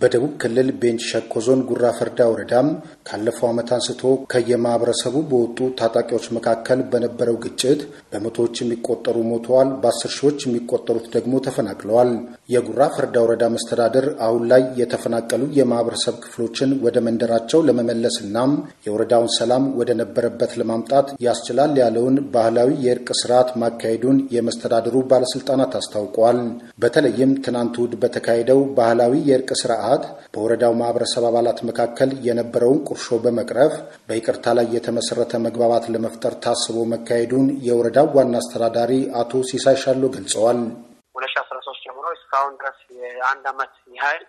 በደቡብ ክልል ቤንች ሸኮ ዞን ጉራ ፈርዳ ወረዳም ካለፈው ዓመት አንስቶ ከየማህበረሰቡ በወጡ ታጣቂዎች መካከል በነበረው ግጭት በመቶዎች የሚቆጠሩ ሞተዋል፣ በአስር ሺዎች የሚቆጠሩት ደግሞ ተፈናቅለዋል። የጉራ ፈርዳ ወረዳ መስተዳደር አሁን ላይ የተፈናቀሉ የማህበረሰብ ክፍሎችን ወደ መንደራቸው ለመመለስና የወረዳውን ሰላም ወደ ነበረበት ለማምጣት ያስችላል ያለውን ባህላዊ የእርቅ ስርዓት ማካሄዱን የመስተዳደሩ ባለስልጣናት አስታውቋል። በተለይም ትናንት እሁድ በተካሄደው ባህላዊ የእርቅ ስርዓት ስርዓት በወረዳው ማህበረሰብ አባላት መካከል የነበረውን ቁርሾ በመቅረፍ በይቅርታ ላይ የተመሰረተ መግባባት ለመፍጠር ታስቦ መካሄዱን የወረዳው ዋና አስተዳዳሪ አቶ ሲሳይ ሻሎ ገልጸዋል። ሁለት ሺ አስራ ሶስት ጀምሮ እስካሁን ድረስ የአንድ አመት ያህል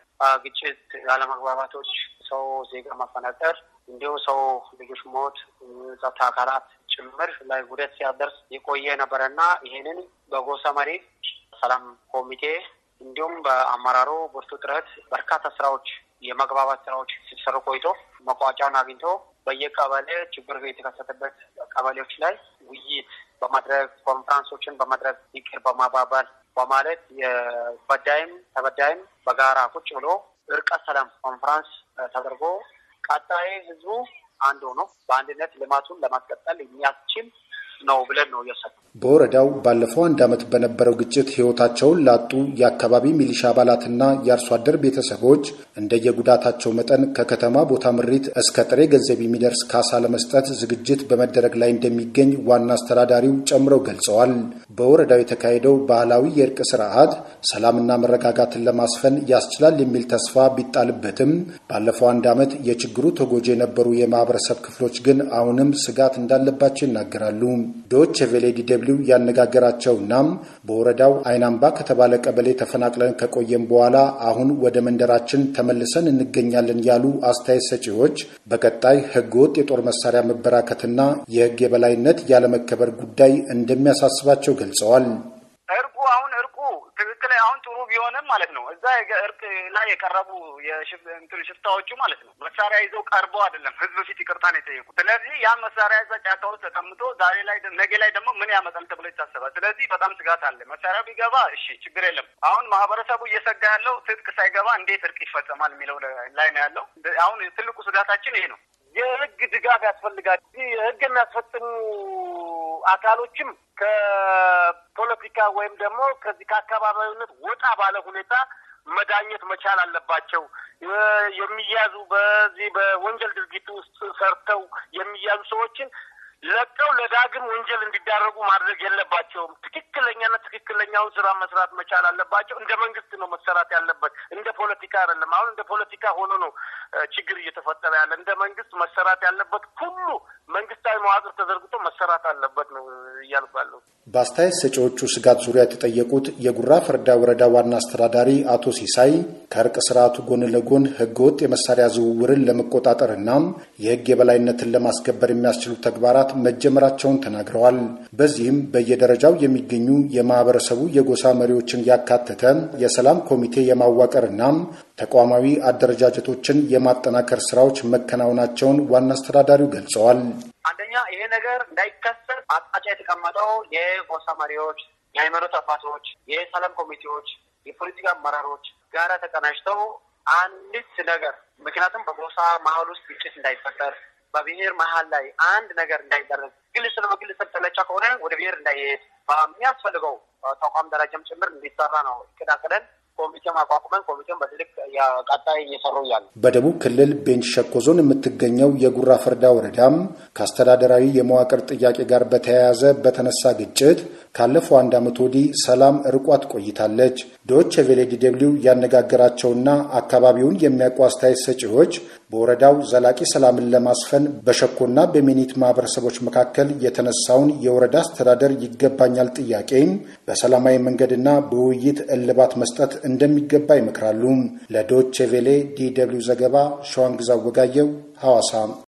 ግጭት፣ አለመግባባቶች፣ ሰው ዜጋ ማፈናቀር እንዲሁም ሰው ልጆች ሞት ጸጥታ አካላት ጭምር ላይ ጉደት ሲያደርስ የቆየ ነበረና ይህንን በጎሳ መሬት ሰላም ኮሚቴ እንዲሁም በአመራሩ ብርቱ ጥረት በርካታ ስራዎች የመግባባት ስራዎች ሲሰሩ ቆይቶ መቋጫውን አግኝቶ በየቀበሌ ችግር የተከሰተበት ቀበሌዎች ላይ ውይይት በማድረግ ኮንፍራንሶችን በማድረግ ይቅር በማባባል በማለት የበዳይም ተበዳይም በጋራ ቁጭ ብሎ እርቀ ሰላም ኮንፍራንስ ተደርጎ ቀጣይ ህዝቡ አንድ ሆኖ በአንድነት ልማቱን ለማስቀጠል የሚያስችል ነው ብለን ነው እየወሰድ በወረዳው ባለፈው አንድ ዓመት በነበረው ግጭት ሕይወታቸውን ላጡ የአካባቢ ሚሊሻ አባላትና የአርሶ አደር ቤተሰቦች እንደየጉዳታቸው መጠን ከከተማ ቦታ ምሪት እስከ ጥሬ ገንዘብ የሚደርስ ካሳ ለመስጠት ዝግጅት በመደረግ ላይ እንደሚገኝ ዋና አስተዳዳሪው ጨምረው ገልጸዋል። በወረዳው የተካሄደው ባህላዊ የእርቅ ስርዓት ሰላምና መረጋጋትን ለማስፈን ያስችላል የሚል ተስፋ ቢጣልበትም ባለፈው አንድ ዓመት የችግሩ ተጎጂ የነበሩ የማህበረሰብ ክፍሎች ግን አሁንም ስጋት እንዳለባቸው ይናገራሉ። ዶች ቬሌ ዲደብሊው ያነጋገራቸው ናም በወረዳው አይናምባ ከተባለ ቀበሌ ተፈናቅለን ከቆየም በኋላ አሁን ወደ መንደራችን ተመልሰን እንገኛለን ያሉ አስተያየት ሰጪዎች በቀጣይ ህገወጥ የጦር መሳሪያ መበራከትና የህግ የበላይነት ያለመከበር ጉዳይ እንደሚያሳስባቸው ገልጸዋል። እርቅ ላይ የቀረቡ ሽፍታዎቹ ማለት ነው መሳሪያ ይዘው ቀርበው አይደለም ህዝብ ፊት ይቅርታ ነው የጠየቁት። ስለዚህ ያ መሳሪያ ይዛ ጫካ ውስጥ ተቀምጦ ዛሬ ላይ ነገ ላይ ደግሞ ምን ያመጣል ተብሎ ይታሰባል። ስለዚህ በጣም ስጋት አለ። መሳሪያ ቢገባ እሺ ችግር የለም። አሁን ማህበረሰቡ እየሰጋ ያለው ትጥቅ ሳይገባ እንዴት እርቅ ይፈጸማል የሚለው ላይ ነው ያለው። አሁን ትልቁ ስጋታችን ይሄ ነው። የህግ ድጋፍ ያስፈልጋል። ህግ የሚያስፈጥኑ አካሎችም ፖለቲካ ወይም ደግሞ ከዚህ ከአካባቢዊነት ወጣ ባለ ሁኔታ መዳኘት መቻል አለባቸው። የሚያዙ በዚህ በወንጀል ድርጊት ውስጥ ሰርተው የሚያዙ ሰዎችን ለቀው ለዳግም ወንጀል እንዲዳረጉ ማድረግ የለባቸውም። ትክክለኛና ትክክለኛውን ስራ መስራት መቻል አለባቸው። እንደ መንግስት ነው መሰራት ያለበት፣ እንደ ፖለቲካ አይደለም። አሁን እንደ ፖለቲካ ሆኖ ነው ችግር እየተፈጠረ ያለ። እንደ መንግስት መሰራት ያለበት ሁሉ መንግስታዊ መዋቅር ተዘርግቶ መሰራት አለበት ነው እያልባለሁ። በአስተያየት ሰጪዎቹ ስጋት ዙሪያ የተጠየቁት የጉራ ፈርዳ ወረዳ ዋና አስተዳዳሪ አቶ ሲሳይ ከእርቅ ስርዓቱ ጎን ለጎን ህገወጥ የመሳሪያ ዝውውርን ለመቆጣጠርና የህግ የበላይነትን ለማስከበር የሚያስችሉ ተግባራት ማውጣት መጀመራቸውን ተናግረዋል። በዚህም በየደረጃው የሚገኙ የማህበረሰቡ የጎሳ መሪዎችን ያካተተ የሰላም ኮሚቴ የማዋቀርና ተቋማዊ አደረጃጀቶችን የማጠናከር ስራዎች መከናወናቸውን ዋና አስተዳዳሪው ገልጸዋል። አንደኛ ይሄ ነገር እንዳይከሰት አቅጣጫ የተቀመጠው የጎሳ መሪዎች፣ የሃይማኖት አባቶች፣ የሰላም ኮሚቴዎች፣ የፖለቲካ አመራሮች ጋራ ተቀናጅተው አንዲት ነገር ምክንያቱም በጎሳ መሀል ውስጥ ግጭት እንዳይፈጠር በብሔር መሀል ላይ አንድ ነገር እንዳይደረግ ግለሰብ በግለሰብ ተለቻ ከሆነ ወደ ብሔር እንዳይሄድ በሚያስፈልገው ተቋም ደረጃም ጭምር እንዲሰራ ነው ይቀዳቀለን ኮሚቴ አቋቁመን ኮሚቴም በትልቅ ቀጣይ እየሰሩ እያሉ በደቡብ ክልል ቤንች ሸኮ ዞን የምትገኘው የጉራ ፈርዳ ወረዳም ከአስተዳደራዊ የመዋቅር ጥያቄ ጋር በተያያዘ በተነሳ ግጭት ካለፈው አንድ ዓመት ወዲህ ሰላም ርቋት ቆይታለች። ዶች ቬሌ ዲ ደብልዩ ያነጋገራቸውና አካባቢውን የሚያውቁ አስተያየት ሰጪዎች በወረዳው ዘላቂ ሰላምን ለማስፈን በሸኮና በሚኒት ማህበረሰቦች መካከል የተነሳውን የወረዳ አስተዳደር ይገባኛል ጥያቄም በሰላማዊ መንገድና በውይይት እልባት መስጠት እንደሚገባ ይመክራሉ። ለዶች ቬሌ ዲ ደብልዩ ዘገባ ሸዋንግዛ ወጋየው ሐዋሳ